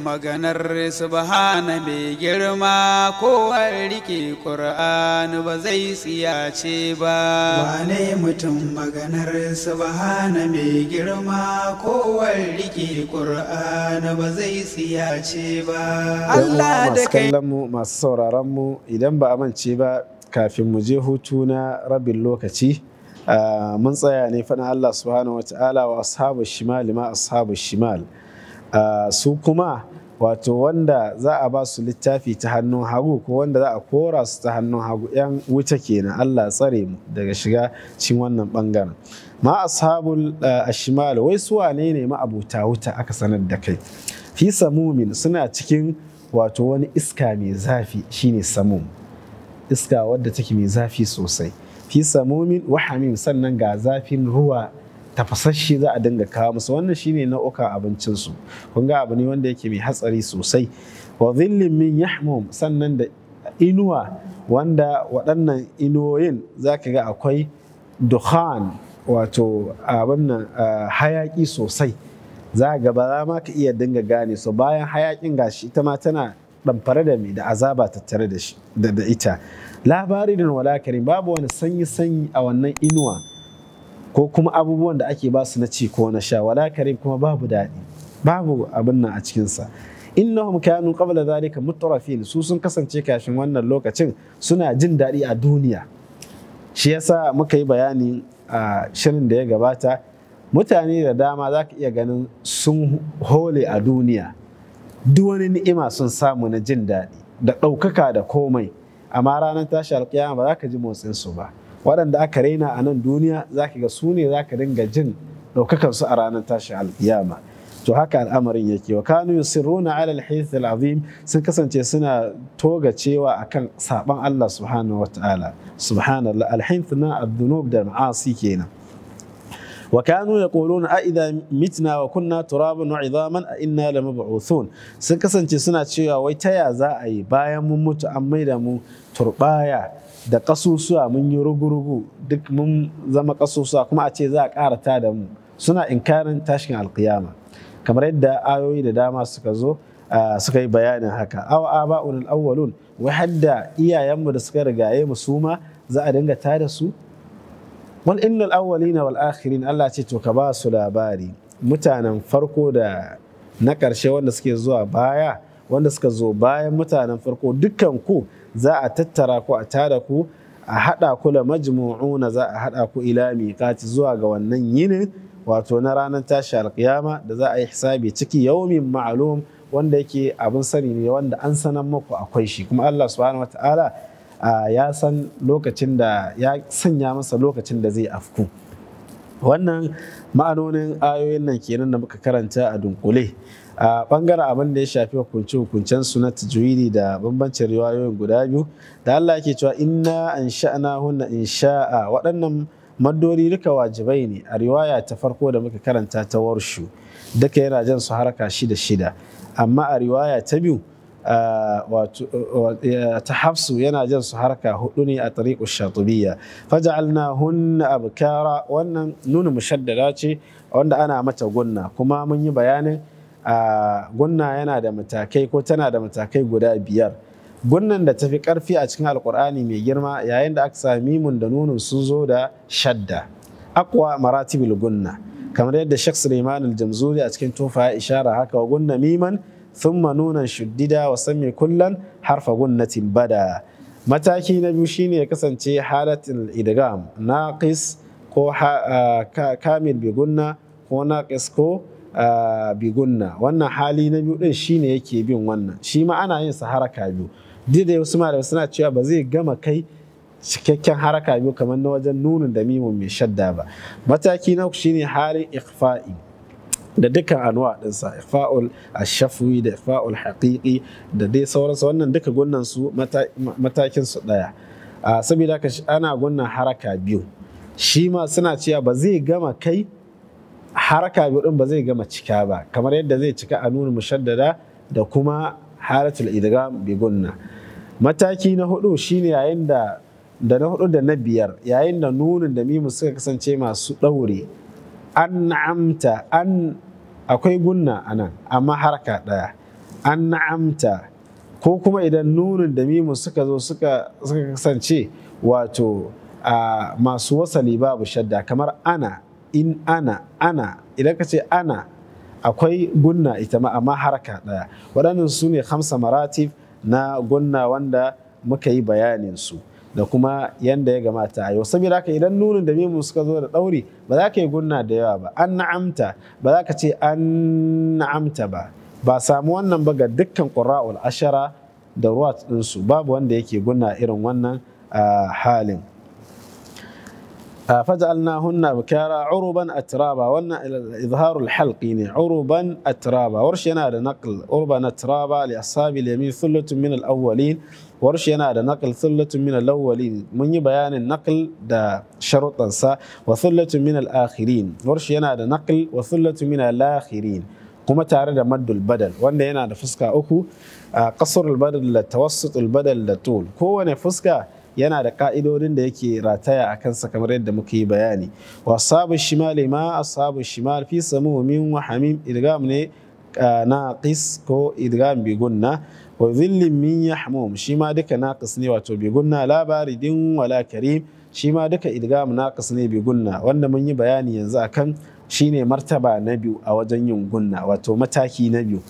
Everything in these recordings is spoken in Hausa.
maganar subhana mai girma kowar rike ƙur'ani ba zai tsiyace ba wane mutum maganar subhana mai girma kowar rike ƙur'ani ba zai tsiyace ba Allah da kai mu masu sauraron mu idan ba amince ba kafin mu je hutu na rabin lokaci ah, mun tsaya ne faɗin Allah subhanahu wa ta'ala wa ashabu shimal ma ashabu shimal su kuma wato wanda za a ba su littafi ta hannun hagu ko wanda za a kora su ta hannun hagu yan wuta kenan Allah tsare mu daga shiga cikin wannan bangaren ma ashabul ashimal wai su wane ne ma abuta wuta aka sanar da kai fi samumin suna cikin wato wani iska mai zafi shine samum iska wadda take mai zafi sosai fi samumin wahamin sannan ga zafin ruwa tafasasshe za a dinga kawo musu wannan shine abincin abincinsu kun ga abu ne wanda yake mai hatsari sosai wa zillin min yahmum sannan da inuwa wanda waɗannan inuwoyin za ka ga akwai dukhan wato abin nan hayaƙi sosai za ga ba za ma ka iya dinga gane su bayan hayaƙin gashi ita ma tana ɗamfare da mai da azaba tattare da ita labarin da babu wani sanyi sanyi a wannan inuwa ko kuma abubuwan da ake basu na ci ko na sha wala karim kuma babu daɗi babu abin nan a cikinsa innahum kanu qabla zalika mutrafin su sun kasance kafin wannan lokacin suna jin daɗi a duniya shi yasa muka yi bayani a shirin da ya gabata mutane da dama za ka iya ganin sun hole a duniya duk wani ni'ima sun samu na jin daɗi da ɗaukaka da komai amma ranar tashi alƙiyama ba za ka ji motsinsu ba waɗanda aka raina a nan duniya za ka ga su ne za ka dinga jin ɗaukakansu a ranar tashi alkiyama to haka al'amarin yake wa kanu yusirruna ala alhith alazim sun kasance suna toga cewa akan saban Allah subhanahu wataala subhanallah alhith na adhunub da ma'asi kenan wa kanu yaquluna a idza mitna wa kunna turaban wa idhaman a inna lamab'uthun sun kasance suna cewa wai ta ya za a yi bayan mun mutu an maida mu turbaya da ƙasusuwa mun yi rugurugu duk mun zama ƙasusuwa kuma a ce za a ƙara da mu suna inkarin tashin alkiyama kamar yadda ayoyi da dama suka zo suka yi bayanin haka awa aba'un al'awwalun wai hadda iyayenmu da suka rigaye mu suma ma za a dinga ta da su wal innal awwalina wal akhirin Allah ce to ka ba su labari mutanen farko da na ƙarshe wanda suke zuwa baya wanda suka zo bayan mutanen farko dukkan ku za a tattara ku a tada ku a haɗa ku la majmu'una za a haɗa ku ila miqati zuwa ga wannan yinin wato na ranar tashi alƙiyama da za a yi hisabi ciki yaumin ma'alum wanda yake abin sani ne wanda an sanan muku akwai shi kuma Allah subhanahu wataala ya san lokacin da ya sanya masa lokacin da zai afku wannan ma'anonin ayoyin nan kenan da muka karanta a dunkule a bangaren abin da ya shafi hukunce hukuncen su na tajwidi da bambancin riwayoyin guda biyu da Allah ke cewa inna an sha'ana hunna in sha'a waɗannan maddori duka wajibai ne a riwaya ta farko da muka karanta ta warshu duka yana jan su haraka shida shida amma a riwaya ta biyu ta hafsu yana jan su haraka hudu ne a tariku shatubiyya faja'alna hunna abkara wannan nuna mushaddada ce wanda ana mata gunna kuma mun yi bayanin a gunna yana da matakai ko tana da matakai guda biyar gunnan da tafi karfi a cikin alkur'ani mai girma yayin da aka sami mun da nunun sun zo da shadda akwa maratibul gunna kamar yadda Sheikh Suleiman aljamzuri a cikin tufa ya ishara haka wa gunna miman thumma nunan shuddida wa sami kullan harfa gunnatin bada mataki na biyu shine ya kasance Halatin idgam naqis ko kamil bi gunna ko naqis ko bigunna wannan hali na biyu din shine yake bin wannan shi ma ana yin sa haraka biyu duk da wasu malamai suna cewa ba zai gama kai cikakken haraka biyu kamar na wajen nunin da mimun mai shadda ba mataki na shine halin ikfa'i da dukkan anwa ɗinsa ikfa'ul ashafwi da ikfa'ul haqiqi da dai sauransu wannan duka gunnan su matakin su ɗaya saboda ana gunnan haraka biyu shi ma suna cewa ba zai gama kai haraka biyu din ba zai gama cika ba kamar yadda zai cika a nuna mushaddada da kuma haratul idgham bi gunna mataki na hudu shine yayin da da na hudu da na biyar yayin da nunin da mimu suka kasance masu daure an na'amta an akwai gunna anan amma haraka ɗaya an na'amta ko kuma idan nunin da mimu suka zo suka kasance wato masu wasali babu shadda kamar ana in ana ana idan ka ce ana akwai gunna ita ma amma haraka ɗaya waɗannan su ne hamsa maratif na gunna wanda muka yi bayanin su da kuma yanda ya gamata a yau saboda haka idan nunin da mimu suka zo da ɗauri ba za ka yi gunna da yawa ba an na'amta ba za ka ce an na'amta ba ba samu wannan ba ga dukkan ƙura'ul ashara da ruwa ɗinsu babu wanda yake gunna irin wannan ah, halin فجعلناهن بكارا عربا أترابا وانا إظهار الحلق يعني عربا أترابا ورشينا هذا نقل عربا أترابا لأصحاب اليمين ثلة من الأولين ورشينا هذا نقل ثلة من الأولين من بيان النقل دا شرطا سا وثلة من الآخرين ورشينا هذا نقل وثلة من الآخرين كما tare مد البدل badal هنا فسكا اوكو آه، قصر البدل a البدل للطول da tawassutul yana da ka'idodin da yake rataya a kansa kamar yadda muka yi bayani wa sabu shimali ma asabu shimal fi min wa hamim idgham ne naqis ko idgham bi gunna wa dhillin min yahmum shi ma duka naqis ne wato bi gunna la wala karim shi ma duka idgham naqis ne bi wanda mun yi bayani yanzu akan shine martaba na biyu a wajen yin gunna wato mataki na biyu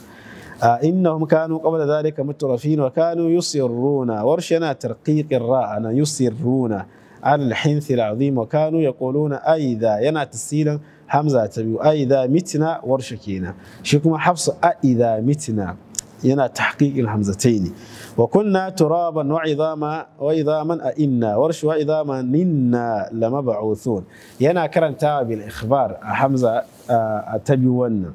إنهم كانوا قبل ذلك مترفين وكانوا يصرون ورشنا ترقيق الراء أنا يصرون على الحنث العظيم وكانوا يقولون أيذا ينا تسيلا حمزة تبيو أيذا متنا ورشكينا شكما حفص أيذا متنا ينا تحقيق الهمزتين وكنا ترابا وعظاما وعظاما أئنا ورش وعظاما ننا لمبعوثون ينا تابي بالإخبار حمزة أتبيونا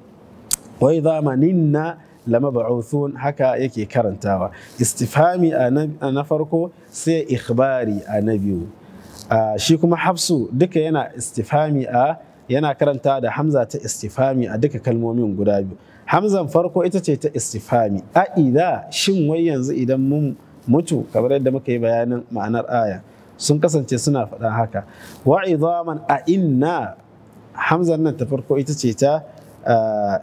آه، وعظاما ننا lamab'uthun haka yake karantawa istifhami a na farko sai ikhbari a na biyu shi kuma hafsu duka yana istifhami a yana karanta da hamza ta istifhami a duka kalmomin guda biyu hamzan farko ita ce ta istifhami a ida shin wai yanzu idan mun mutu kamar yadda muka yi bayanin ma'anar aya sun kasance suna faɗa haka wa a inna hamzan nan ta farko ita ce ta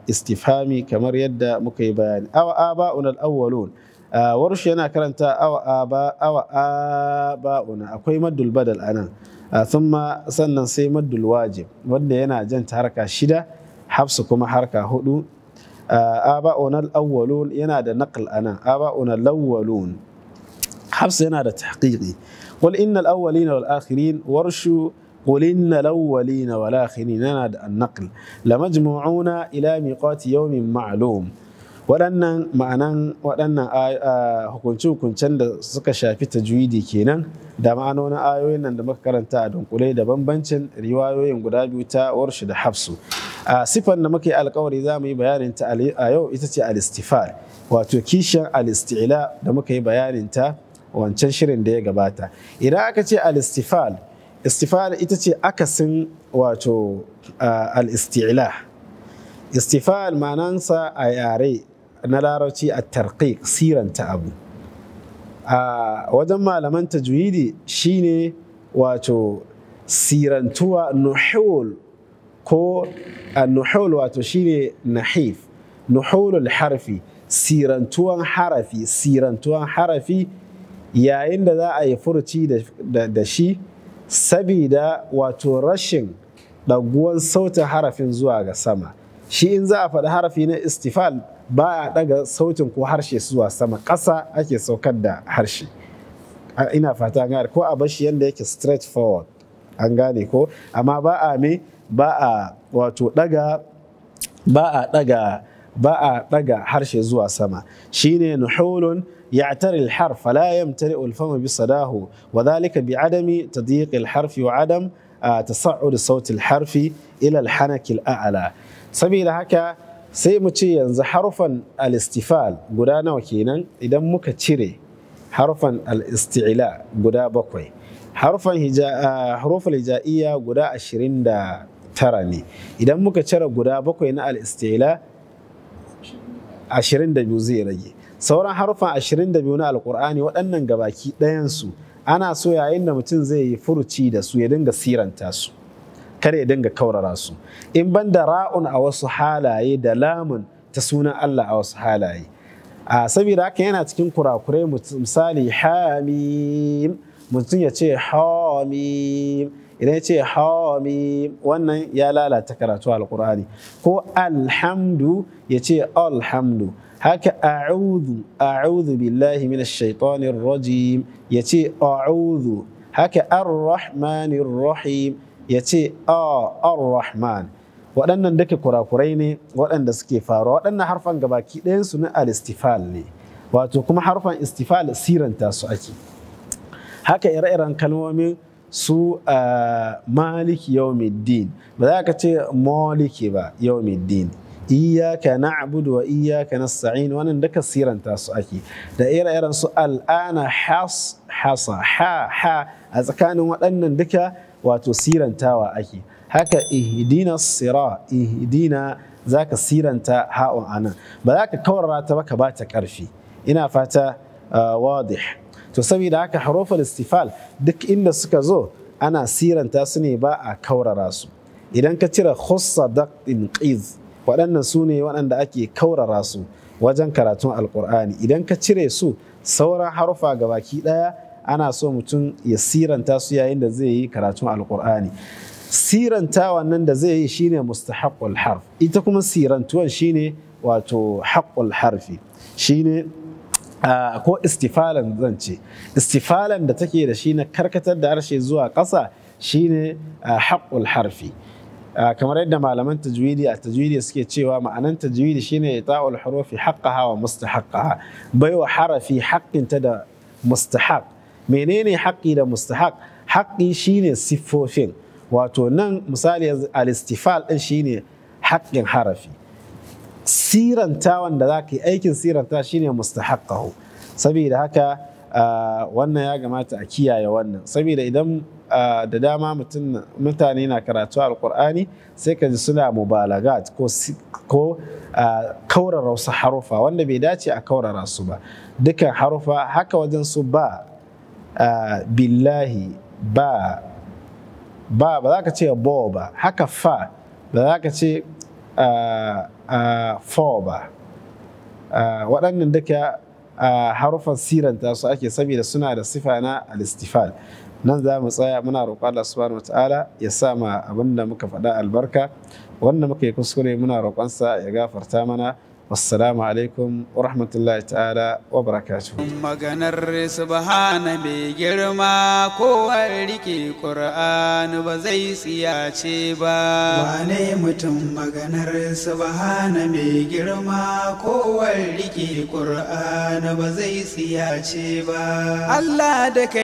istifhami kamar yadda muka yi bayani awa aba'una al-awwalun warshi yana karanta awa aba awa aba'una akwai maddul badal anan thumma sannan sai maddul wajib wanda yana janta harka shida hafsu kuma harka hudu aba'una al-awwalun yana da naql anan aba'una al-awwalun hafsu yana da tahqiqi qul innal awwalina wal akhirin warshu قل إن الأولين والآخرين نادى النقل لمجموعون إلى ميقات يوم معلوم waɗannan ma'anan waɗannan hukunce-hukuncen da suka shafi tajwidi kenan da ma'anonin ayoyin nan da muka karanta a dunkule da bambancin riwayoyin guda biyu ta warshi da hafsu a sifan da muka yi alkawari za mu yi bayanin ta a yau ita ce alistifar wato kishiyar alistila da muka yi bayanin ta wancan shirin da ya gabata idan aka ce alistifal istifa'ala ita ce akasin wato al-isti'la istifa'al manansa a yare na larabci a tarqiq siranta abu a wajen malaman tajwidi shine wato sirantuwa nuhul ko nuhul wato shine nahif nuhulul harfi sirantuwan harafi sirantuwan harafi yayin da za a yi furci da shi sabida wato rashin ɗaguwan sautin harafin zuwa ga sama shi in za a faɗi harafi na istifal ba a ɗaga sautin ko harshe zuwa sama ƙasa ake saukar da harshe ina fata gane ko a bashi yadda yake straight forward an gane ko amma ba a me ba a wato ɗaga ba a ɗaga ba a ɗaga harshe zuwa sama shine nuhulun يعتري الحرف فلا يمتلئ الفم بصداه وذلك بعدم تضييق الحرف وعدم تصعد صوت الحرف إلى الحنك الأعلى سبيل هكا sai mu ce yanzu harufan al-istifal guda nawa kenan idan muka cire harufan al guda bakwai harufan harufan guda ashirin da tara ne idan muka cire guda bakwai na ashirin da biyu zai rage sauran harufan 22 na alkur'ani waɗannan gabaki ɗayansu ana so yayin da mutum zai yi furuci da su ya dinga siranta su kar ya dinga kaurara su in ban da ra'un a wasu halaye da lamun ta sunan Allah a wasu halaye a saboda haka yana cikin kurakurai misali hamim mutum ya ce hamim idan ya ce hamim wannan ya lalata karatu alkur'ani ko alhamdu ya ce alhamdu haka a'udhu a'udhu billahi minash shaitanir rajim ya ce a'udhu haka ar rahim ya ce ar-rahman waɗannan duka kurakurai ne waɗanda suke faruwa waɗannan harfan gabaki ɗayansu na al-istifal ne wato kuma harfan istifal siranta su ake haka ire-iren kalmomin su eh, maliki yawmiddin ba za ka ce maliki ba yawmiddin iyaka na'budu wa iyaka nasta'in wannan duka siranta su ake da ire-iren su al'ana has hasa ha ha a tsakanin waɗannan duka wato sirantawa ake haka ihdina sira ihdina za ka siranta ha'un anan ba za ka kawarra ta ba ka ba ta ƙarfi ina fata eh, wadih to saboda haka harofal istifal duk inda suka zo ana siranta su ne ba a kaurara su idan ka cire khussa daqin qiz waɗannan su ne waɗanda ake kaurara su wajen karatun alkur'ani idan ka cire su sauran harufa baki ɗaya ana so mutum ya siranta su yayin da zai yi karatun alkur'ani siranta wannan da zai yi shine mustahaqqul harf ita kuma sirantuwan shine wato haqqul harfi shine Ah, ko istifalan zan ce istifalan da take da shi na karkatar da harshe zuwa ƙasa shine ah, haƙul harfi ah, kamar yadda malaman tajwidi a tajwidi suke cewa ma'anan tajwidi shine ita'ul hurufi haqqaha wa mustahaqqaha baiwa harafi haƙƙinta da mustahaq menene haƙƙi da mustahaq haƙƙi shine siffofin wato nan misali alistifal istifal din shine haƙƙin harafi siranta wanda za ka yi aikin siranta shine mustahakahu saboda haka ah, wannan ya gamata a kiyaye wannan saboda idan ah, da dama mutane na karatu alkur'ani sai ka ji suna mubalagat ko ah, kaurara wasu harufa wanda bai dace a kaurara su ba dukkan harufa haka wajen su ba billahi ba ba ba za ka ce bo ba haka fa ba za ka ce for ba waɗannan duka harufan siranta su ake saboda suna da sifa na alistifal nan za mu tsaya muna roƙon Allah subhanahu wataala ya sa ma abin muka faɗa albarka wanda muka yi kuskure muna roƙonsa ya gafarta mana wassalamu alaikum wa rahmatullahi ta'ala wa barakatuhu maganar subhana mai girma kowar rike qur'ani ba zai tsiyace ba wane mutum maganar subhana mai girma kowar rike qur'ani ba zai tsiyace ba Allah da